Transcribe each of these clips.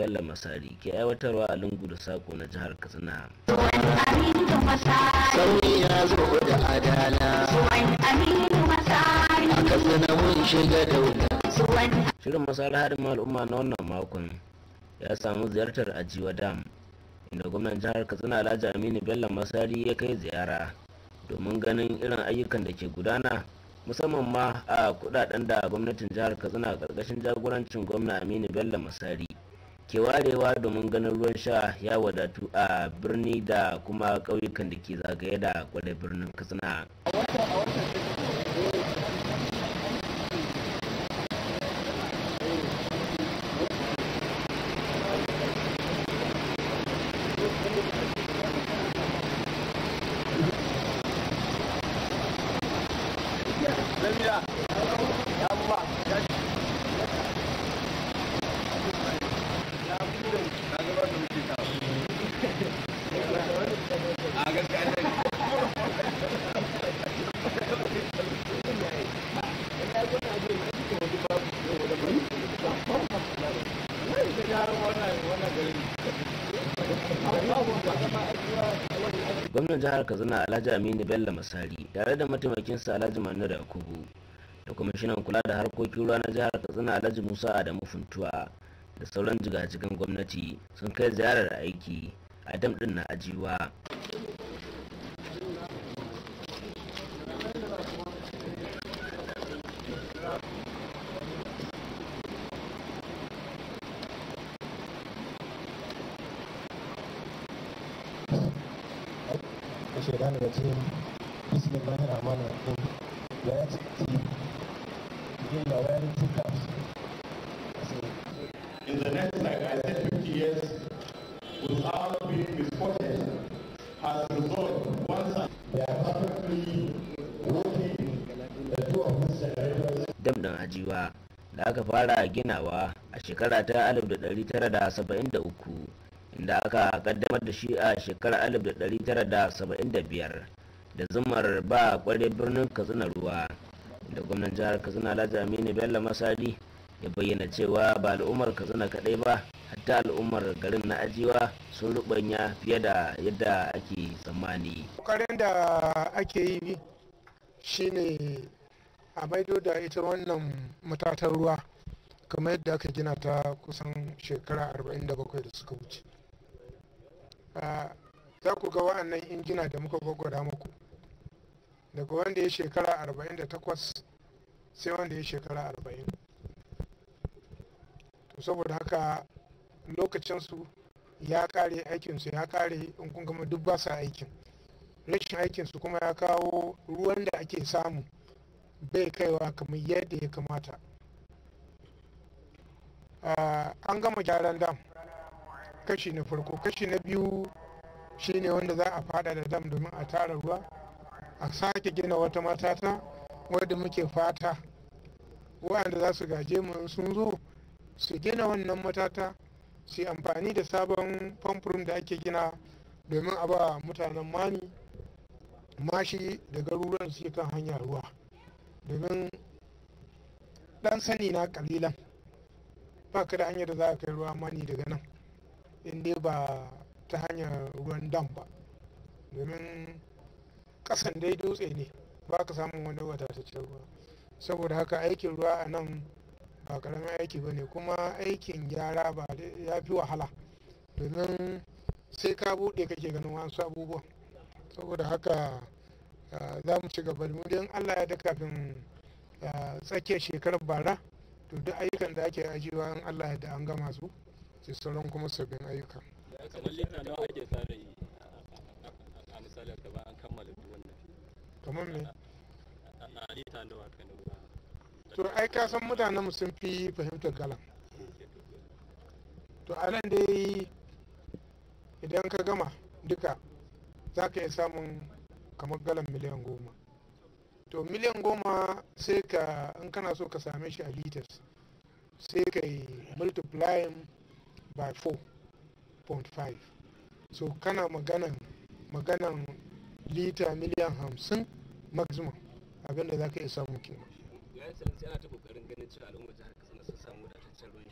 Bello Masari ke aiwatarwa a lungu da sako na jihar Katsina. Sauri ya zo da adala. A Katsina mun shiga Shirin masara harin al'umma na wannan makon ya samu ziyartar ajiwa dam inda gwamnan jihar Katsina Alhaji Aminu Bello Masari ya kai ziyara domin ganin irin ayyukan da ke gudana musamman ma a kudaden da gwamnatin jihar Katsina a ƙarƙashin jagorancin gwamna Aminu Bello Masari ke warewa domin ganin ruwan sha ya wadatu a birni da kuma ƙauyukan da ke zagaye da kwale birnin katsina. a watan gwamnan jihar katsina alhaji aminu bello masari tare da mataimakinsa alhaji manar yakubu da kwamishinan kula da harkokin ruwa na jihar katsina alhaji musa adamu funtuwa da sauran jigajigan gwamnati sun kai ziyarar aiki a dam din na ajiwa on Dam ɗin ajiwa da aka fara ginawa a shekara ta 1973 inda aka kaddamar da shi a shekarar 1975 da zumar ba kware birnin katsina ruwa da gwamnan jihar katsina alhaji aminu bello masadi ya bayyana cewa ba al'ummar katsina kaɗai ba hatta al'ummar garin na ajiwa sun rubanya fiye da yadda ake tsammani ƙoƙarin da ake yi shine a maido da ita wannan matatar ruwa kamar yadda aka gina ta kusan shekara 47 da suka wuce za ku ga wa'annan injina da muka gwagwada muku daga wanda ya shekara 48 sai wanda ya shekara saboda haka lokacinsu ya kare aikinsu ya kare in kun gama duk ba sa aikin rashin aikinsu kuma ya kawo ruwan da ake samu bai kaiwa kamar yadda ya kamata ah, an gama gyaran dam kashi na farko kashi na biyu shine wanda za a fada da dam domin a tara ruwa a sake gina wata matata wadda muke fata waɗanda za su gaje mu sun zo su gina wannan matata su amfani da sabon famfurin da ake gina domin a ba mutanen mani mashi da garuruwan su kan hanya ruwa domin dan sani na kalilan ba ka da hanyar da za a kai ruwa mani daga nan inda ba ta hanyar ruwan dam ba domin kasan dai dutse ne ba ka samun wani wadataccen ruwa saboda haka aikin ruwa a nan ba ƙaramin aiki ba ne kuma aikin gyara ba ya fi wahala domin sai ka buɗe kake ganin wasu abubuwa saboda haka za mu ci gaba mu don allah ya da kafin tsakiyar shekarar bara to duk ayyukan da ake ajiyewa in allah ya da an gama su sai sauran kuma sabbin ayyuka kamar lita nawa yi a ka ba an kammala wannan kamar me a lita nawa ka to ai ka san mutanen sun fi fahimtar galan to a nan dai idan ka gama duka za ka iya samun kamar galan miliyan goma to miliyan goma sai ka in kana so ka same shi a liters sai ka yi multiplying by 4.5 so kana maganan maganan lita miliyan hamsin maximum abinda za ka iya samun kenan ana ta kokarin ganin cewa al'ummar jihar katsina sun samu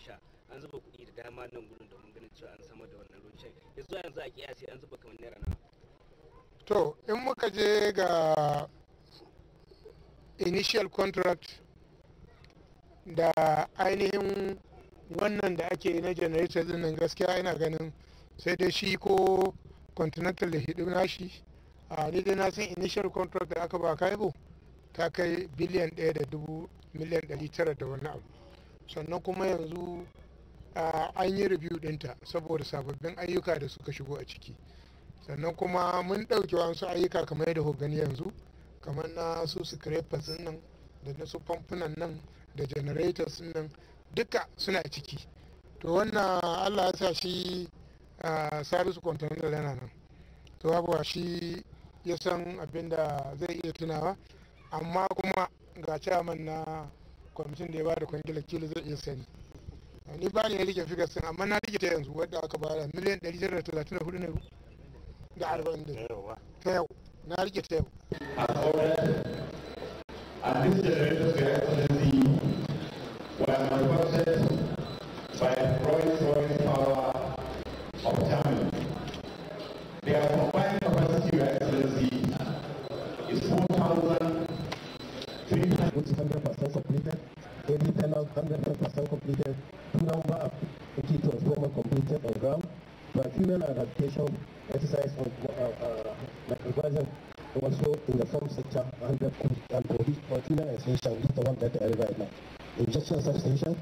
sha an da dama nan domin ganin cewa an an zuba to in muka je ga initial contract da ainihin wannan da ake na generator dinnan gaskiya ina ganin sai dai shi ko continental da hidu nashi a ni dai na san initial contract da aka ba kaibo ta kai biliyan ɗaya da dubu miliyan ɗari tara da wani abu sannan kuma yanzu an yi review ɗinta saboda sababbin ayyuka da suka shigo a ciki sannan kuma mun ɗauki wasu ayyuka kamar yadda gani yanzu kamar na su scrapers nan da na su famfunan nan da generators nan duka suna ciki to wannan allah ya sa shi service continental yana nan to abuwa shi ya san abin da zai iya tunawa amma kuma ga chairman na kwamitin da ya bada kwangilar kila zai iya sani ni ba ne ya rike figar sun amma na rike ta yanzu wadda aka bada miliyan 134 ne da 40 ta yau na rike ta yau duk da ya Just a substantion?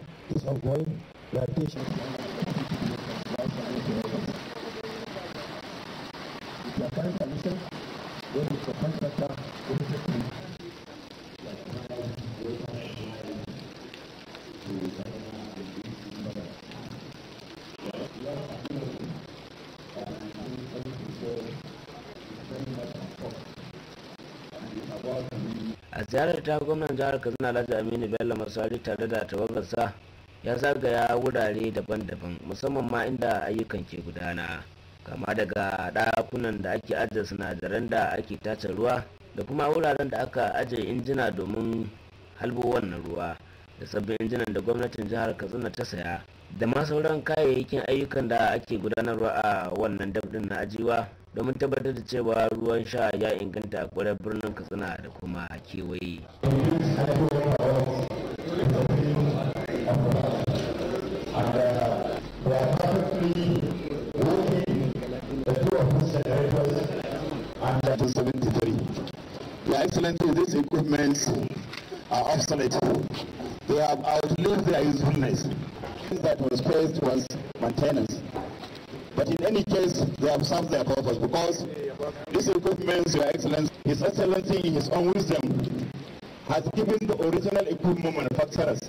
ziyarar ta gwamnan jihar katsina alhaji aminu bello masari tare da tawagarsa ya zagaya wurare daban-daban musamman ma inda ayyukan ke gudana kama daga ɗakunan da ake ajiye sinadaran da ake tace ruwa da kuma wuraren da aka ajiye injina domin halbo wannan ruwa da sabbin injinan da gwamnatin jihar katsina ta saya da ma sauran kayayyakin ayyukan da ake gudanarwa a wannan dab din na ajiwa domin tabbatar da cewa ruwan sha ya inganta a kwarar birnin katsina da kuma kewaye Your Excellency, these equipments are obsolete. They have outlived their usefulness. that was paid towards maintenance. But in any case, they have served their purpose because this equipment, Your Excellency, His Excellency, in His own wisdom, has given the original equipment manufacturers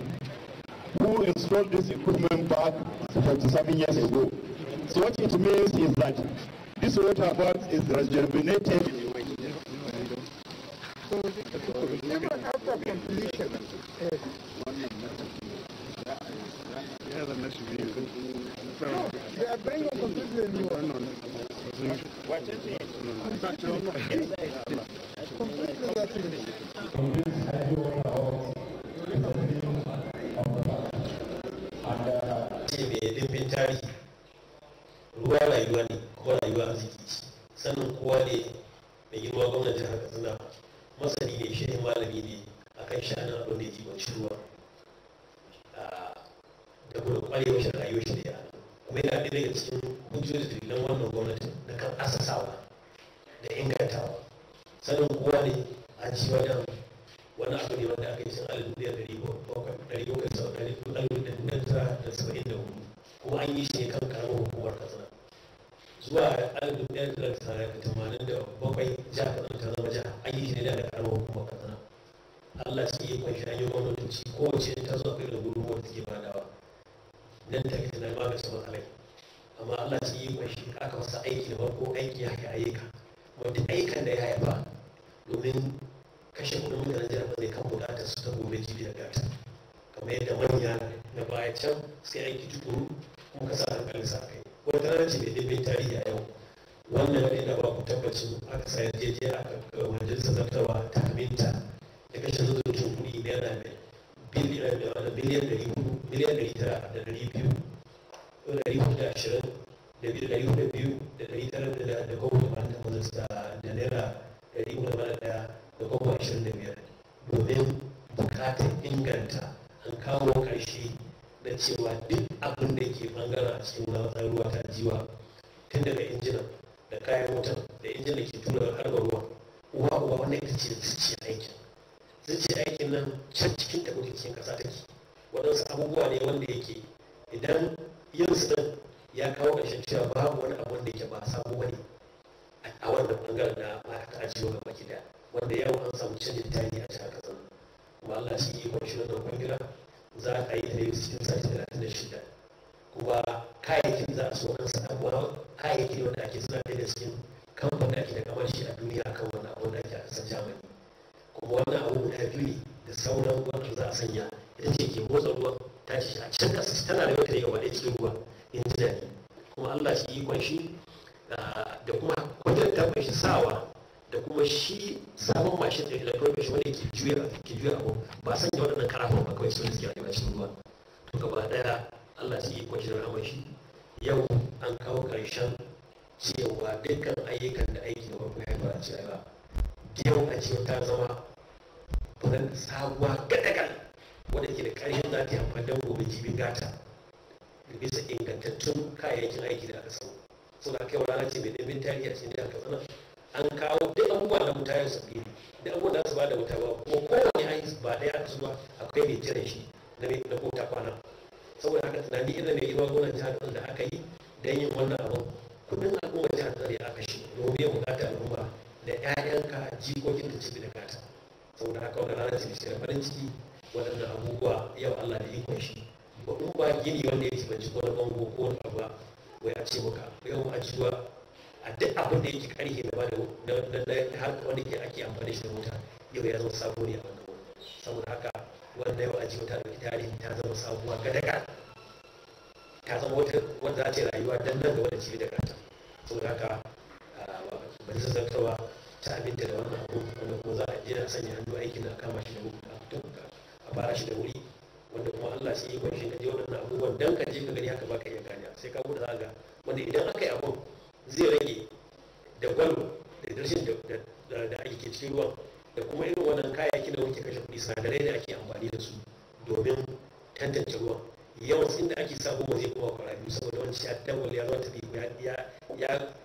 who installed this equipment back 47 years ago. So what it means is that this water box is rejuvenated. So after completion, na civil. No, they are bringing completely new one. What is ruwa rayuwa ne ko rayuwa sanin kowa ne mai girma gwamnatin haka suna masani saboda kwarewar shi rayuwar shi da kuma yana ɗaya daga cikin hujjoji dalilan wannan gwamnati da kan asasawa da ingantawa sanin kowa ne a ci wajen wani abu ne wanda aka yi sun alif da ɗari bakwai ɗari sau ɗari ɗari da ɗari tara da saba'in da hudu kuma an yi shi ne kan karamar hukumar katsina zuwa alif da ɗari tara da tamanin da bakwai ja katsina ta zama ja, an yi shi ne daga karamar hukumar katsina Allah sai ya kwanci hanyoyin gwamnatoci kowace ta zo kai da gudunmuwar take ba dan tafi nan ba da sama alai amma Allah sai yi kwashi aka wasa aiki da ko aiki ya kai ayyuka wanda aikan da ya haifa domin kashe kudin mutanen jihar zai kan bukata su ta gobe jibi da gata kamar yadda manya na baya can sai aiki tukuru kuma ka sa hankali sa kai wata rana ce mai ɗimbin tarihi a yau wannan ne da ba ku tabbacin aka sa yarjejiya a majalisar zartawa ta aminta da kashe zuzuncin kuɗi naira biliyan ɗari miliyan ɗari tara da ɗari biyu ɗari hudu da ashirin da biyu ɗari hudu da biyu da ɗari tara da da kowa da bani takwas da da naira ɗari hudu da ɗaya da da ashirin da biyar domin bukatar inganta an kawo ƙarshe da cewa duk abin da ke bangara a cikin wani ruwa ta jiwa tun daga injinan da kayan motar da injinan ke tura harbar ruwa uwa uwa wannan ita ce zuciya aikin zuciya aikin nan can cikin taɓa cikin kasa take waɗansu abubuwa ne wanda yake idan yin su ya kawo ƙarshen cewa babu wani abu da yake ba sabo wani a wannan bangaren na ma'aikata ajiyo gaba gida wanda yau an samu canjin tarihi a jihar katsina kuma allah shi yi kwanci wannan kwangila za a yi da yau cikin sati talatin da shida kuma kayayyakin za a so an abuwa kayayyakin wanda ake suna ɗaya da cikin kamfanin da ake da kamar shi a duniya kan wani abu da ake a ƙasar jamani kuma wannan abu guda biyu da sauran wanda za a sanya ya ce ke motsa ruwa ta ce a can ƙasa tana da wata ne gaba da cikin ruwa in ji daɗi kuma allah shi yi kwanshi ah, da kuma wajen tabbai shi sawa da kuma shi sabon mashin da electronic shi wanda ke juya ke juya abu ba san ya waɗannan karafin ba kawai sun suke a cikin ruwa to gaba ɗaya allah shi yi kwanshi da rahama shi yau an kawo ƙarshen cewa dukkan ayyukan da aiki da farko ya fara cewa yau a cikin ta zama sabuwa gadagal wanda ke da ƙarfin za ta yi amfani don gobe jibin gata da bisa ingantattun kayayyakin aiki da aka samu suna kai wa ce mai ɗimbin tarihi a cikin jihar katsina an kawo duk abubuwa na mutane su sabbi duk abubuwa da su ba da wuta ba kuma kowane aiki ba ɗaya aka zuwa akwai mai jiran shi na mai ta kwana saboda haka tunani irin mai girma gwamnan jihar katsina da aka yi don yin wannan abu kudin al'ummar jihar katsina ya aka shi domin ya bukata al'umma da 'ya'yanka jikokin da cibi da gata saboda haka wani rana ce mai farin ciki waɗannan abubuwa yau Allah da ikon shi ba ba gini wanda ya jibanci ko na bango ko wani abuwa wai a ce maka yau a ciwa a duk abin da yake karhe da ba da har wanda ke ake amfani shi da mota yau ya zama sabo ne a wannan wurin saboda haka wanda yau a jiwa ta ɗauki tarihi ta zama sabuwa daga, ta zama wata wanda za yi rayuwa don nan da wani cibi da kanta saboda haka ba zai zartarwa ta abinta da wannan abu wanda ko za a a sanya hannu aikin na kama shi da mutum ba shi da wuri wanda kuma Allah shi yi kwanshi ka je waɗannan abubuwan dan ka je ka gani haka ba ka iya gani sai ka gudu zaga wanda idan aka yi abu zai rage da gwalo da rashin da ake cikin ruwan da kuma irin wannan kayayyakin da wuke kashe kuɗi sadarai da ake amfani da su domin tantance ruwan yawan inda ake sabo ma zai kuma kwara biyu saboda wani ta dawal ya zuwa tafi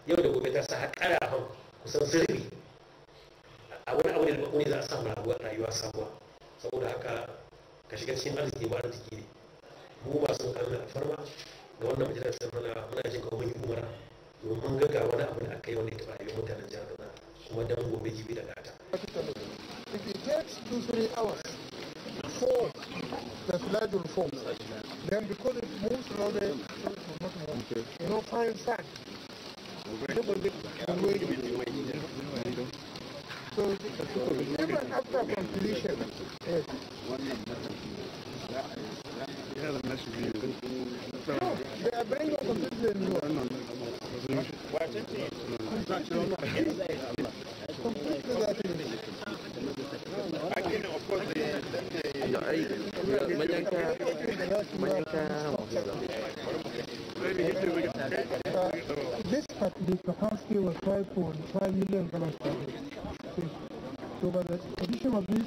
yau da gobe ta sa har ƙarafan kusan zirbi a wani abu da kuni za a samu rayuwa sabuwa saboda haka arziki wannan majalisar muna jin kawai umara domin ga wani abu da aka yi mutanen jihar Kaduna kuma dan gobe jibi da gata. If it takes two three hours for the flood will then because it moves around the you know fine sand. So even after completion, yes. You message you. So, yeah, bring up a No, no, no. it? completely that This part, the capacity was 5.5 million Palestinians. So by the condition of this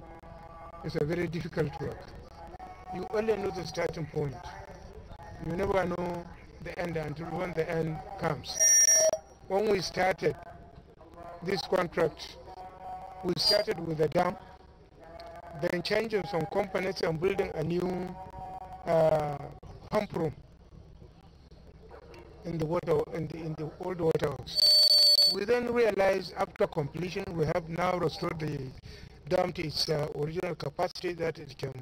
It's a very difficult work. You only know the starting point. You never know the end until when the end comes. When we started this contract, we started with a dam, then changing some components and building a new uh, pump room in the water in the in the old water house. We then realized after completion we have now restored the dumped its uh, original capacity that it can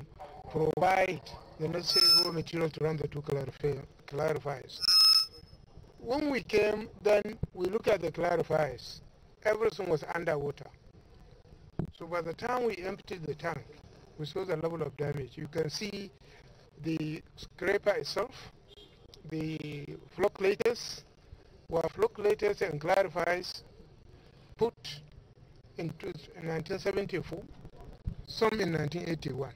provide the necessary raw material to run the two clarifiers. When we came, then we looked at the clarifiers. Everything was underwater. So by the time we emptied the tank, we saw the level of damage. You can see the scraper itself, the flocculators, were flow and clarifiers put in 1974, some in 1981.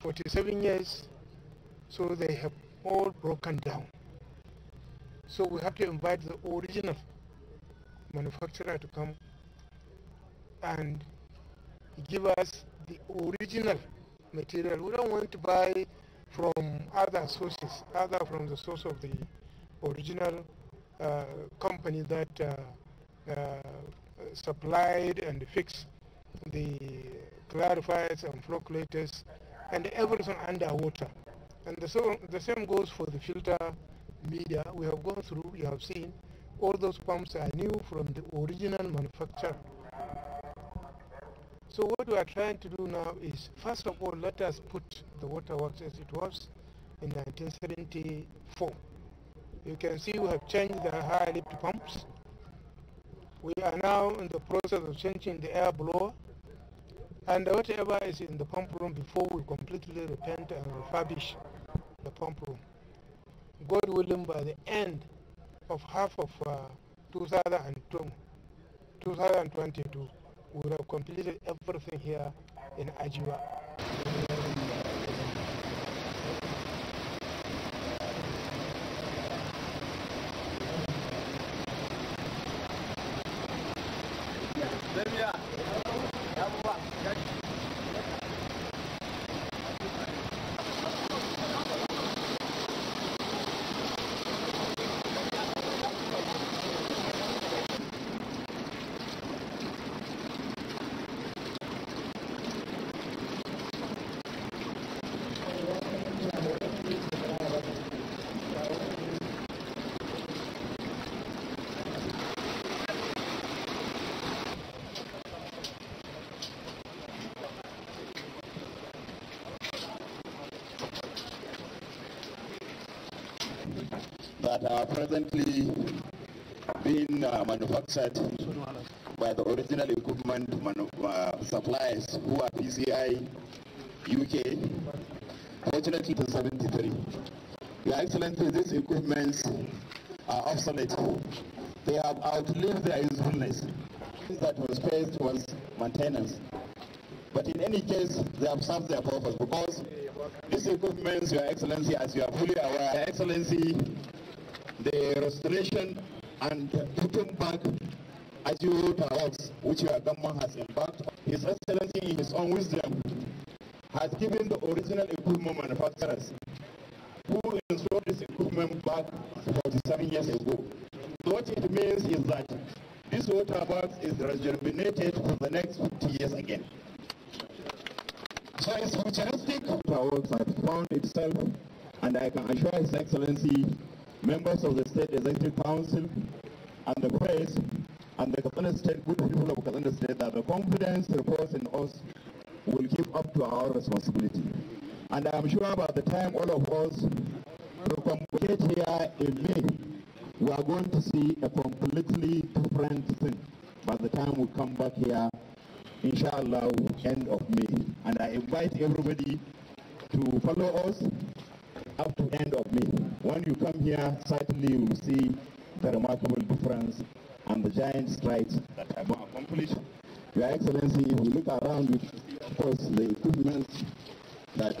47 years, so they have all broken down. So we have to invite the original manufacturer to come and give us the original material. We don't want to buy from other sources, other from the source of the original uh, company that uh, uh, supplied and fixed the clarifiers and flocculators, and everything underwater. And the, so, the same goes for the filter media we have gone through, you have seen. All those pumps are new from the original manufacturer. So what we are trying to do now is, first of all, let us put the waterworks as it was in 1974. You can see we have changed the high lift pumps we are now in the process of changing the air blower and whatever is in the pump room before we completely repaint and refurbish the pump room. God willing, by the end of half of uh, 2022, we will have completed everything here in Ajiwa. are presently being uh, manufactured by the original equipment uh, suppliers who are PCI UK, fortunately to 73. Your Excellency, these equipments are obsolete. They have outlived their usefulness. That was faced was maintenance. But in any case, they have served their purpose because these equipments, Your Excellency, as you are fully aware, Your Excellency the restoration and putting back as Azure Towers, which your government has embarked on. His Excellency, in his own wisdom, has given the original equipment manufacturers who installed this equipment back 47 years ago. What it means is that this water box is rejuvenated for the next 50 years again. So it's futuristic. Our works have found itself, and I can assure His Excellency members of the State Executive Council, and the press, and the State, good people of the State, that the confidence reposed in us will keep up to our responsibility. And I'm sure by the time all of us to back here in May, we are going to see a completely different thing by the time we come back here, inshallah, end of May. And I invite everybody to follow us up to end of May. When you come here, certainly you will see the remarkable difference and the giant strides that have been accomplished. Your Excellency, if you look around, you see, of course, the equipment that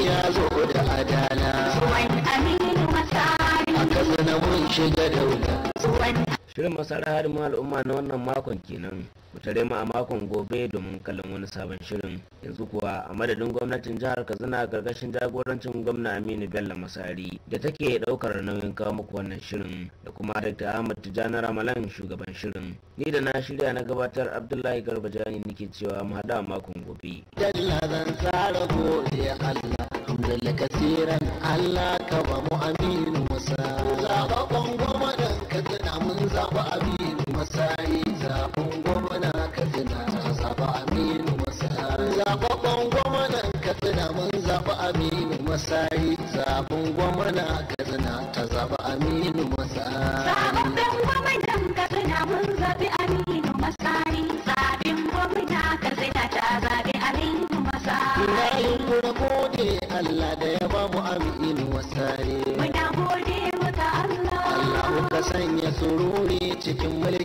ya zo da adala. Zuwan Aminu A kasa na mun shiga daula. Zuwan shirin harin al'umma na wannan makon kenan ku tare mu a makon gobe domin kallon wani sabon shirin yanzu kuwa a madadin gwamnatin jihar katsina a gargashin jagorancin gwamna aminu bello masari da take daukar nauyin kawo muku wannan shirin da kuma dr ahmad tijjani ramalan shugaban shirin ni da na shirya na gabatar abdullahi garba jani nake cewa mu hada makon gobe Allah ka ba mu aminu masani zaɓen gwamna katsina zaba aminu masari zaɓaɓɓen aminu gwamna katsina mun aminu masari gwamna katsina ta aminu masari Allah da ya babu aminu masari muna gode Allah Allah ka sanya sururi cikin mulki